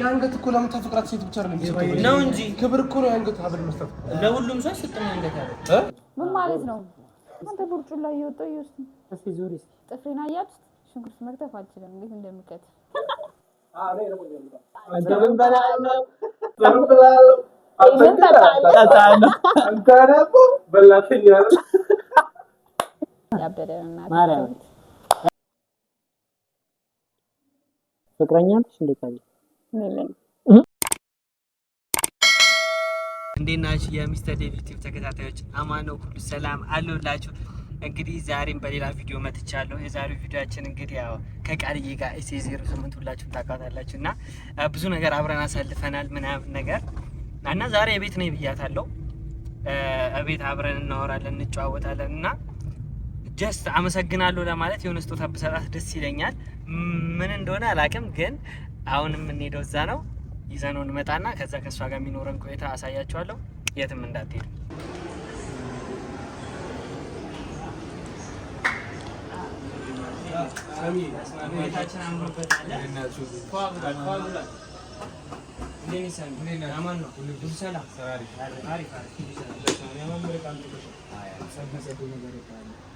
የአንገት እኮ ለምታ ፍቅራት ሴት ብቻ ነው እንጂ ክብር እኮ ነው የአንገት ሀብል መስጠት ለሁሉም ሰው ስጥ። አንገት ምን ማለት ነው? አንተ ቦርጩን ላይ እየወጣሁ ጥፍሬን አያት ሽንኩርት መክተፍ አልችልም። እንዴት እንደሚከትፍ ያበደ ፍቅረኛ አለሽ እንዴ? ታዲያ እንዴት ናችሁ? የሚስተር ዴቪድ ዩቲዩብ ተከታታዮች አማነው ሁሉ ሰላም አለሁላችሁ። እንግዲህ ዛሬም በሌላ ቪዲዮ መጥቻለሁ። የዛሬው ቪዲዮአችን እንግዲህ ያው ከቃልዬ ጋር ኤስ ዜሮ ስምንት ሁላችሁም ታውቃታላችሁ እና ብዙ ነገር አብረን አሳልፈናል ምናምን ነገር እና ዛሬ የቤት ነኝ ብያታለሁ። እቤት አብረን እናወራለን እንጨዋወታለን እና ጀስት አመሰግናለሁ ለማለት የሆነ ስጦታ ብሰጣት ደስ ይለኛል። ምን እንደሆነ አላቅም፣ ግን አሁን የምንሄደው እዛ ነው። ይዘነው እንመጣና ከዛ ከእሷ ጋር የሚኖረን ቆይታ አሳያችኋለሁ። የትም እንዳትሄዱ።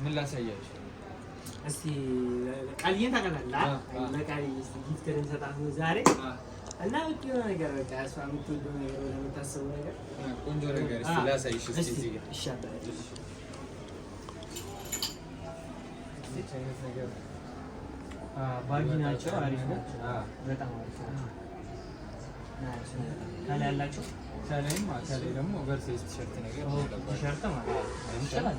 ምን ላሳያችሁ እስቲ ቃልዬን ታውቃታለህ? ጊፍት ልንሰጣት ነው ዛሬ እና ውጭ የሆነ ነገር በቃ እሷ የምትወደው ነገር ወደ የምታስበው ነገር ቆንጆ ነገር እስቲ ላሳይሽ። እስቲ ይሻላል ባጊ ናቸው። አሪፍ በጣም አሪፍ ከላይ ያላቸው ከላይም ከላይ ደግሞ ቨርሴስ ቲሸርት ነገር ቲሸርት ማለት ይሻላል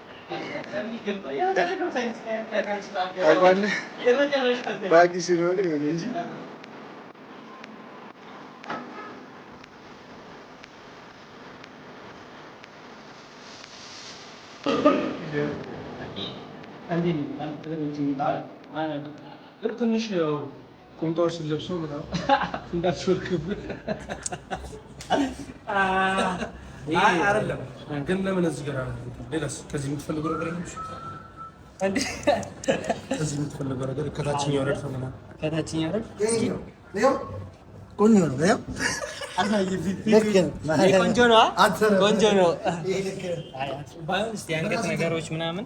बाकी सिनोरी होगी जी ትንሽ ቁምጣዎች ለብሶ ምናምን እንዳትሾርክብ አይደለም ግን ለምን እዚህ ጋር ሌላስ ከዚህ የምትፈልገው ነገር ከዚህ የምትፈልገው ነገር ከታችኛው ረድፍ ምናምን ቆንጆ ነው። ቆንጆ ነው። የአንገት ነገሮች ምናምን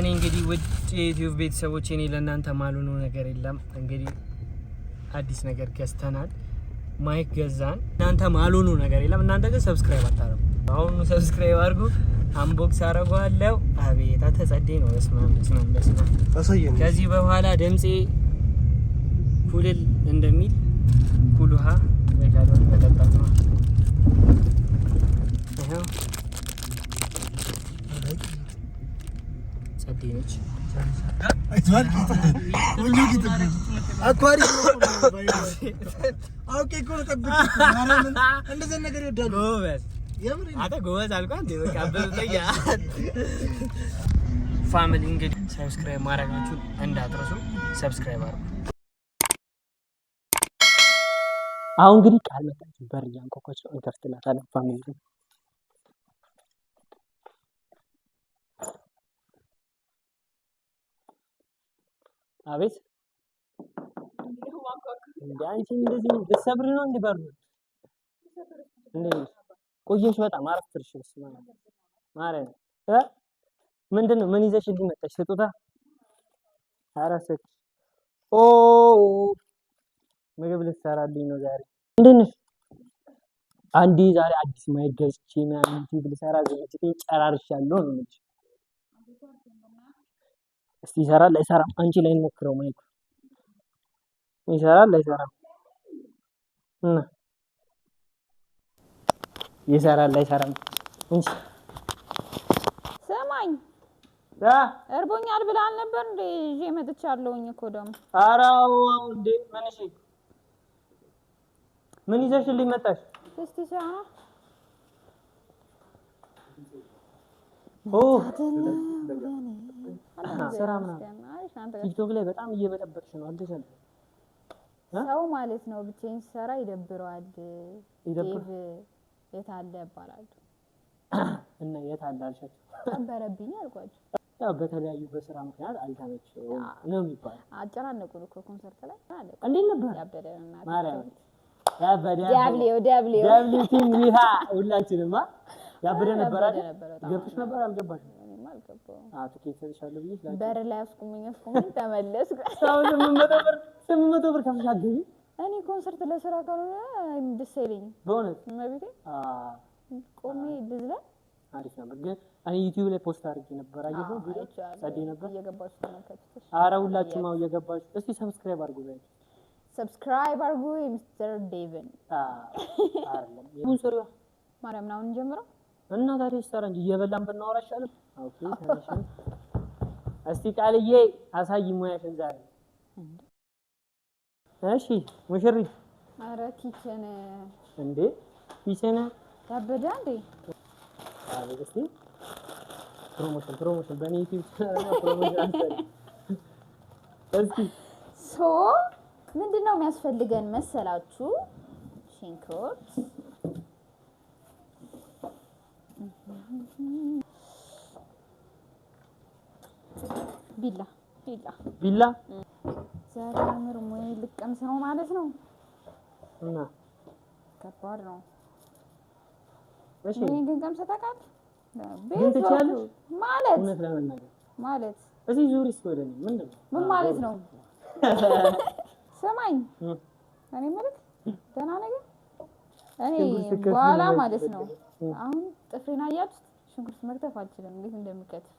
እኔ እንግዲህ ውድ የዩቲዩብ ቤተሰቦች እኔ ለእናንተ ማልሆነው ነገር የለም። እንግዲህ አዲስ ነገር ገዝተናል፣ ማይክ ገዛን። እናንተ ማልሆነው ነገር የለም። እናንተ ግን ሰብስክራይብ አታረጉ። አሁኑ ሰብስክራይብ አድርጉ። አንቦክስ አረጓለው። አቤት ተጸዴ ነው። ስማም ስማም ስማም። ከዚህ በኋላ ድምፄ ኩልል እንደሚል ኩልሃ ወይ ጋር መጠጣት ነው። ነች። ፋሚሊ እንግዲህ ሰብስክራይብ ማድረጋችሁ እንዳትረሱ፣ ሰብስክራይብ አድርጉ። አሁን እንግዲህ ቃል መጣችሁ በር እያንኳኳች እንከፍትላታለን ፋሚሊ አቤት እንደ አንቺ እንደዚህ ልትሰብሪ ነው? በሩ ቆየሽ በጣም አረፍርሽ። ምን ይዘሽ መጣሽ? ስጦታ አረሰች። ኦ ምግብ ልትሰራልኝ ነው ዛሬ። አንዴ ዛሬ አዲስ ማይገዝቼ ምናምን ልሰራ ዝግጅት ጨራርሻለሁ ነው እስቲ ይሰራል አይሰራም? አንቺ ላይ እንሞክረው ማየት ይሰራል አይሰራም? እና ይሰራል አይሰራም? እንጂ ስማኝ፣ እርቦኛል ብላ አልነበር እንዴ? ይዤ መጥቻለሁኝ እኮ ደግሞ። ኧረ እንዴ! ምን እሺ፣ ምን ይዘሽልኝ መጣሽ? እስቲ ሰራ ስራ ምናምን ቲክቶክ ላይ በጣም እየበጠበጥሽ ነው። አልተሰለሽም? ሰው ማለት ነው ብቻዬን ስሰራ ይደብረዋል። የት አለ እባላለሁ እና የት አለ አልሻቸው ነበረብኝ አልኳቸው። ያው በተለያዩ በስራ ምክንያት አልተመቸውም ነው የሚባለው። አጨናነቁን እኮ ኮንሰርት ላይ እንዴት ነበር ማርያም ሁላችንማ ያበደ ነበር አይደል? ገብቶሽ ነበር አልገባሽ? በር ላይ አስቁመኝ አስቁመኝ ተመለስኩ። ስምንት መቶ ብር ከፍለሽ አትገቢ። እኔ ኮንሰርት ለስራ ካልሆነ ደስ አይለኝም በእውነት እመቤቴ። ቆሜ ልዝላ አሪፍ ነበር ግን እኔ ዩቲዩብ ላይ ፖስት አድርጌ ነበር። ቪዲዮ ጸዴ ነበር። ኧረ ሁላችሁም አው እየገባችሁ እስቲ ሰብስክራይብ አድርጉ ላይ ሰብስክራይብ አድርጉ። ሚስተር ዴቭን ማርያም ነው አሁን ጀምረው እና ታዲያ ስታራ እንጂ እየበላን ብናወራ አይሻልም? ኦኬ ታዲያ እስቲ ቃልዬ አሳይ ሙያሽን ዛሬ። እሺ ሙሽሪት። ኧረ ኪችን እንዴ ኪችን ያበደ እንዴ? አይ እስቲ ፕሮሞሽን ፕሮሞሽን በኔ ዩቲዩብ ፕሮሞሽን እስቲ ሶ ምንድነው የሚያስፈልገን መሰላችሁ ሽንኩርት ቢላ ቢላ ቢላ ዛሬ ምርሙሬ ልቀምስ ነው ማለት ነው። እና ከባድ ነው። እሺ እኔ ግን ቀምሰህ ታውቃለህ? ቤት ማለት ማለት እዚህ ዙሪ ስኮደን ምን ምን ማለት ነው? ስማኝ እኔ የምልህ ደህና ነገር እኔ በኋላ ማለት ነው አሁን ጥፍሬን አያችሁት? ሽንኩርት መክተፍ አልችልም፣ እንዴት እንደሚከትፍ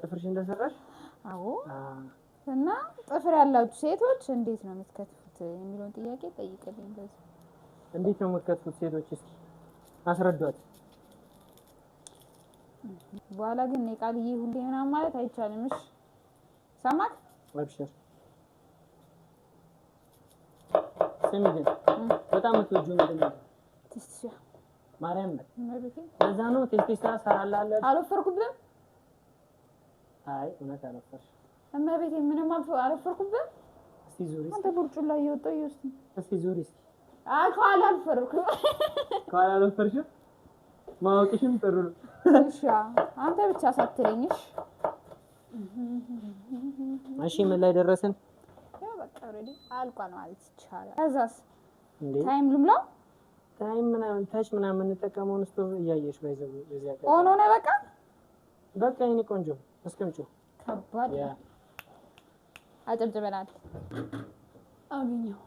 ጥፍርሽ እንደሰራሽ። አዎ። እና ጥፍር ያላችሁ ሴቶች እንዴት ነው የምትከትፉት የሚለውን ጥያቄ ጠይቅልኝ። በዚህ እንዴት ነው የምትከትፉት ሴቶች? እስኪ አስረዷት። በኋላ ግን እኔ ቃልዬ ሁሌ ምናምን ማለት አይቻልም። እሺ ሰማት አብሽር ስሚ ግን በጣም ምትወጁ ምንድን ነው? ማርያም ነው። ለዛ ነው ቴስቴስታ ሰራላለች። አልወፈርኩብህም። አይ እውነት አልወፈርሽም። እመቤቴ ምንም አልወፈርኩብህም። እስቲ ዙሪ። አንተ ቡርጩ ላይ እየወጣሁ እስቲ እስቲ ዙሪ። አይ ከኋላ አልወፈርኩም። ከኋላ አልወፈርሽም። ማወቅሽም ጥሩ ነው። እሺ አንተ ብቻ ሳትለኝ እሺ። እሺ ምን ላይ ደረስን? ያው በቃ ኦልሬዲ አልቋል ማለት ይቻላል። ከዛስ ታይም ልምላው ታይም ምናምን ታች ምናምን የምንጠቀመውን ስቶቭ እያየሽ ባይዘው እዚያ ጋር ኦን ሆነ። በቃ በቃ የእኔ ቆንጆ አስቀምጪው። ከባድ አጨብጭበናል። አብኛው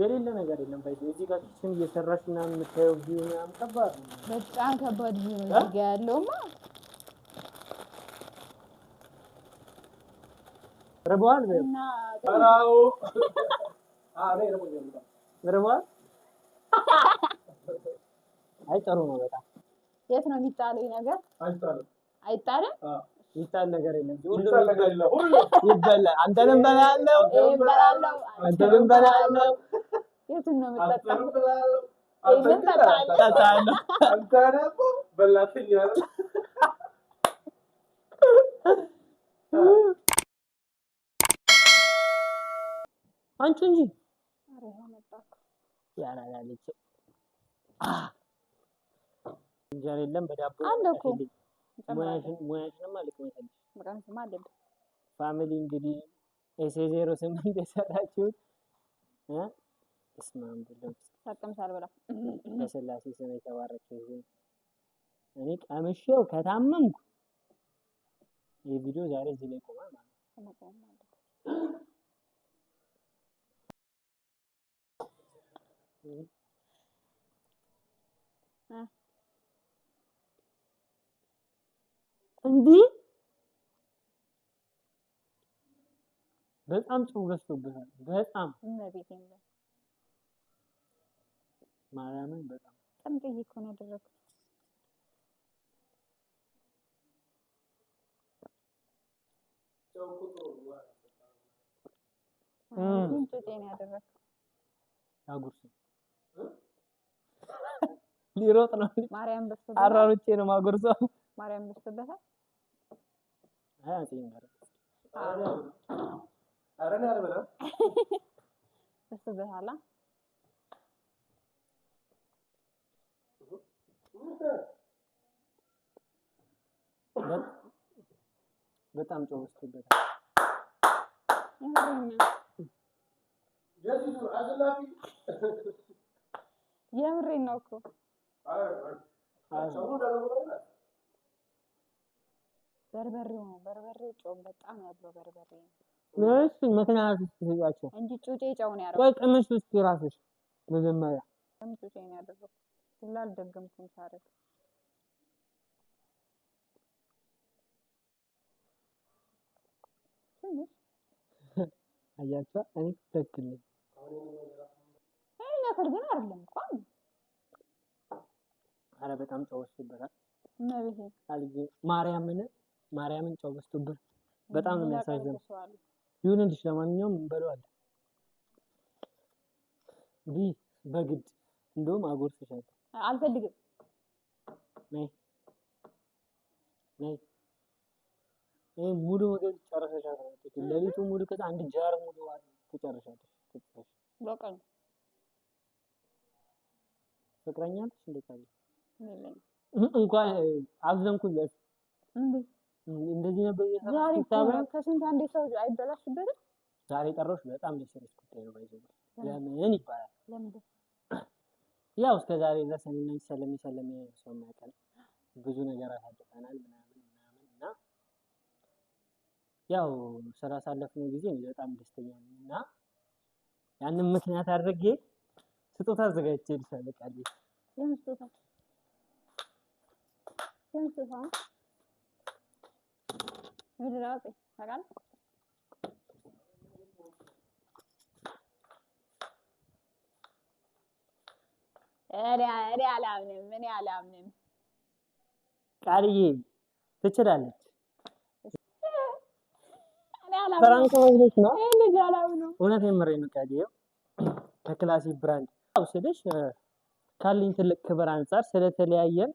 የሌለ ነገር የለም። ባይ እዚህ ጋር ኪችን እየሰራሽ ምናምን የምታየው ቪው ምናምን ከባድ በጣም ከባድ ቪው ነው እዚህ ጋር ያለውማ። ርቦሃል ነው ራው አሬ ርቦሃል አይጠሩ ነው በጣም የት ነው የሚጣለው ነገር? አይጣልም ይጣል ነገር የለም። አንተንም በላለው ይበላለው። አንተንም የቱን ነው የምጠጣው? ይሄን ጠጣለሁ። አንተ ደግሞ አንቺ እንጂ ያ እንጀራ የለም በዳቦ አለ እኮ ሙያሽንማ ልቅመሰልሽ። ፋሚሊ እንግዲህ ኤስ ዜሮ ስምንት የሰራችሁት እስማም ብለው ሳቅም ሳልበላ በስላሴ ስም የተባረከ ይሁን። እኔ ቀምሼው ከታመምኩ ይህ ዛሬ እዚህ ላይ ቆማል ማለት ነው። እንዲህ በጣም ጨው ገዝቶበታል። በጣም ማርያምን በጣም ጥምጥዬ እኮ ነው ያደረኩት። ያጉርስ ሊሮጥ ነው። ማርያም በስተበት አራሩቼ ነው ማጎርሰው። ማርያም በስተበት በጣም ጮህ በስተበታል። የምሬን ነው እኮ በርበሬው ነው በርበሬው ጨው በጣም ያለው በርበሬ ነው። እሺ ምክንያት ውስጥ ትያቸው እንጂ ጩጬ ጨው ነው ያደረገው። ቅምሽ ውስጥ ራስሽ መጀመሪያ ቅምሽ ጩጬ ነው ያደረገው። ሁላ አልደገምኩም ሳረግ አያቸው እኔ ትክክል ነኝ። የሚያፈር ግን አይደለም እንኳን አረ በጣም ጨው በዝቶበታል። ማርያምን ማርያምን ጨው በጣም ነው የሚያሳዝነው። ይሁንልሽ ለማንኛውም እንበለዋለን እንዲህ በግድ እንደውም አጎርስሻለሁ። አልፈልግም። ነይ ነይ። ይሄ ሙሉ ምግብ ትጨርሻለሽ። ሌሊቱ ሙሉ ከዛ አንድ ጃር ሙሉ ትጨርሻለሽ። በቃ ነው ታፈቅረኛለሽ? እንዴት አለ እንኳን አዘንኩኝ። እንደዚህ ነበር እየሰራ ከስንት አንዴ ሰው አይበላሽበትም። ዛሬ ጠሮሽ በጣም ደስ ይለሽ ጉዳይ ነው። ባይዘ ለምን ይባላል? ለምን ያው እስከ ዛሬ ድረስ እኔና ሰለሜ ሰለሜ ሰው የማያውቀን ብዙ ነገር አሳልፈናል ምናምን ምናምን እና ያው ስላሳለፍነው ጊዜ በጣም ደስተኛ ነኝ እና ያንን ምክንያት አድርጌ ስጦታ አዘጋጅቼልሻለሁ። يا مصطفى يا مصطفى من راسي هقال እኔ አላምንም እኔ አላምንም። ቃልዬ ትችላለች። እውነት የምሬን ነው። ቃልዬ ከክላሲ ብራንድ ስልሽ ካለኝ ትልቅ ክብር አንጻር ስለተለያየን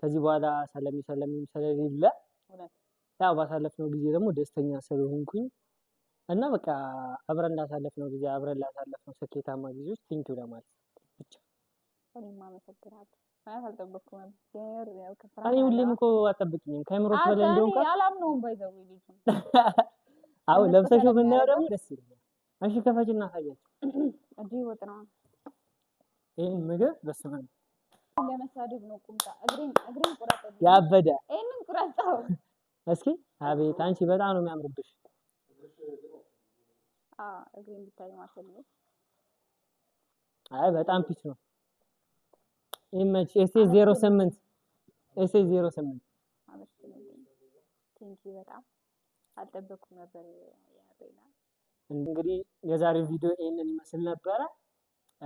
ከዚህ በኋላ ሰለሚ ሰላምም ስለሌለ ያው ባሳለፍነው ጊዜ ደግሞ ደስተኛ ስለሆንኩኝ እና በቃ አብረን ላሳለፍነው ጊዜ አብረን ላሳለፍነው ስኬታማ ጊዜዎች ቲንኪ ለማለት ብቻ። እኔም አመሰግናለሁ። እኔ ሁሌም እኮ አልጠብቅኝም ከአእምሮሽ በላይ እንደሆን አላምነውም። ባይዘው ልጅ አዎ ለብሰሽው ብናየው ደግሞ ደስ ይለኛል። እሺ ከፈችና አሳያቸው እንዲህ ወጥ ነው ይህን ምግብ በስመ አብ ለመሳደብ ነው። ቁምጣ እግሬን እግሬን ያበደ እስኪ አቤት፣ አንቺ በጣም ነው የሚያምርብሽ። አ እግሬን ማለት አይ በጣም ፒች ነው። ኤስ 08 ኤስ ቴንኪ በጣም አልጠበኩም ነበር። እንግዲህ የዛሬው ቪዲዮ ይሄንን ይመስል ነበረ።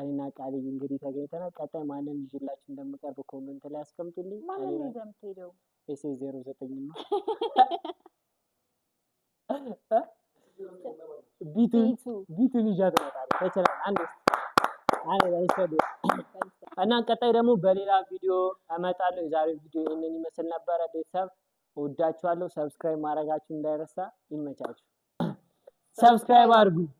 እኔና ቃል እንግዲህ ተገኝተናል። ቀጣይ ማንን ይዤላችሁ እንደምቀርብ ኮመንት ላይ አስቀምጡልኝ። ማንን ይዘህ የምትሄደው? ኤስ ዜሮ ዘጠኝ ነው ቢቱን ይዣት እመጣለሁ። እና ቀጣይ ደግሞ በሌላ ቪዲዮ እመጣለሁ። የዛሬ ቪዲዮ ይህንን ይመስል ነበረ። ቤተሰብ እወዳችኋለሁ። ሰብስክራይብ ማድረጋችሁ እንዳይረሳ። ይመቻችሁ። ሰብስክራይብ አድርጉ።